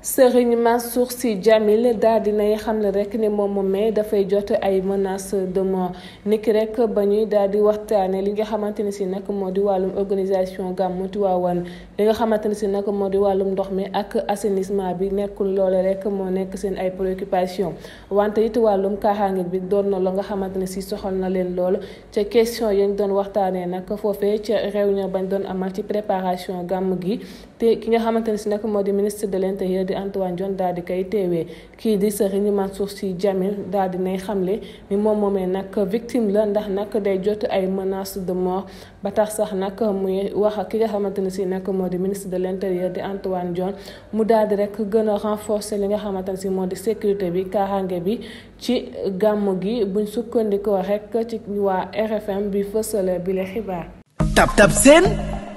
Serigne Mansour Sy Djamil daal dinay xamle rek ni moom moomee dafay jot ay menaces de mort niki rek ba ñuy daal di waxtaanee li nga xamante ne si nag moo di wàllum organisation gàmmu Tiwaawan li nga xamante ne si nag moo di wàllum ndox mi ak assainissement bi nekkul loole rek moo nekk seen ay préoccupation wante it wàllum kaaraange bi doon na la nga xamante ne si soxal na leen lool ca question yañ doon waxtaanee nag foofee ca réunion bañ doon amal ci préparation gàmm gi te ki nga xamante ne si nag moo di ministre de lente intérieur di Antoine Diome daal di koy teewee kii di Serigne Mansour Sy Djamil daal di nay xamle ni moom moomee nag victime la ndax nag day jot ay menaces de mort ba tax sax nag muy wax ki nga xamante ne si nag moo di ministre de l' intérieur di Antoine Diome mu daal di rek gën a renforcer li nga xamante ne si moo di sécurité bi kaaraange bi ci gàmm gi buñ sukkandikoo rek ci waa RFM bi fësale bila xibaar. tab tab seen.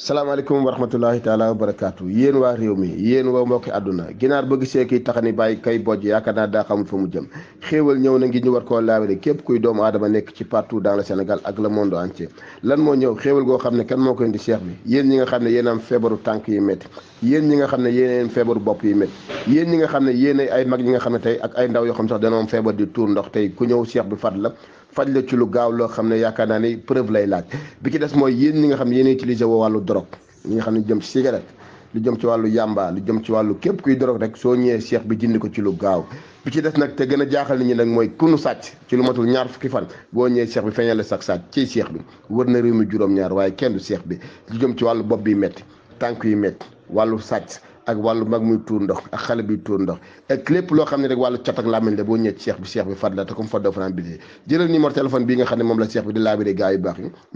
salaamaaleykum wa rahmatullahi taala wa barakaatu yéen waa réew mi yéen waa mbokki àdduna ginaar bëgg seeki ni bàyyi kay bojj yaakaar naa daa xamul fa mu jëm xéewal ñëw na ngi ñu war koo laabare képp kuy doomu aadama nekk ci partout dans senegal ak le monde entier lan moo ñëw xéewal goo xam ne kan moo ko indi seex bi yéen ñi nga xam ne yéen am feebaru tànk yi métti yéen ñi nga xam ne yéen feebaru bopp yi métti yéen ñi nga xam ne yéen ay mag ñi nga xam ne tey ak ay ndaw yoo xam sax dana am feebar ndox tey ku ñëw seex bi fat la faj la ci lu gaaw loo xam ne yaakaar naa ne preuve lay laaj bi ci des mooy yéen ñi nga xam ne yéen utilisé woo wàllu drogue ñi nga xam ne jëm ci cigarette lu jëm ci wàllu yàmba lu jëm ci wàllu képp kuy drogue rek soo ñëwee seex bi jindi ko ci lu gaaw bi ci des nag te gën a jaaxal nit ñi nag mooy kunu sàcc ci lu matul ñaar fukki fan boo ñëwee seex bi feeñale sax sàcc ci seex bi wër na réew mi juróom-ñaar waaye kenn du seex bi lu jëm ci wàllu bopp bi mett tànk yi métti wàllu sàcc ak wàllu mag muy tuur ndox ak xale bi tuur ndox ak lépp loo xam ne rek wàllu cat ak làmmiñ la boo ñëwee ci bi cheikh bi fat la te comme fat doo fanaan bidi jëlal numéro téléphone bii nga xam ne moom la cheikh bi di laabiré gars li nga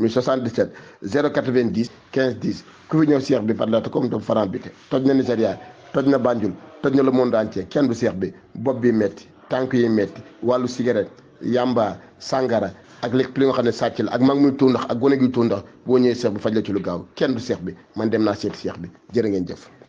xam ne sàcc la ak mag muy tuur ndox ak gone gi tuur ndox boo ñëwee seex bi faj la ci lu gaaw kenn du seex bi man dem naa seeti seex bi jërë ngeen jëf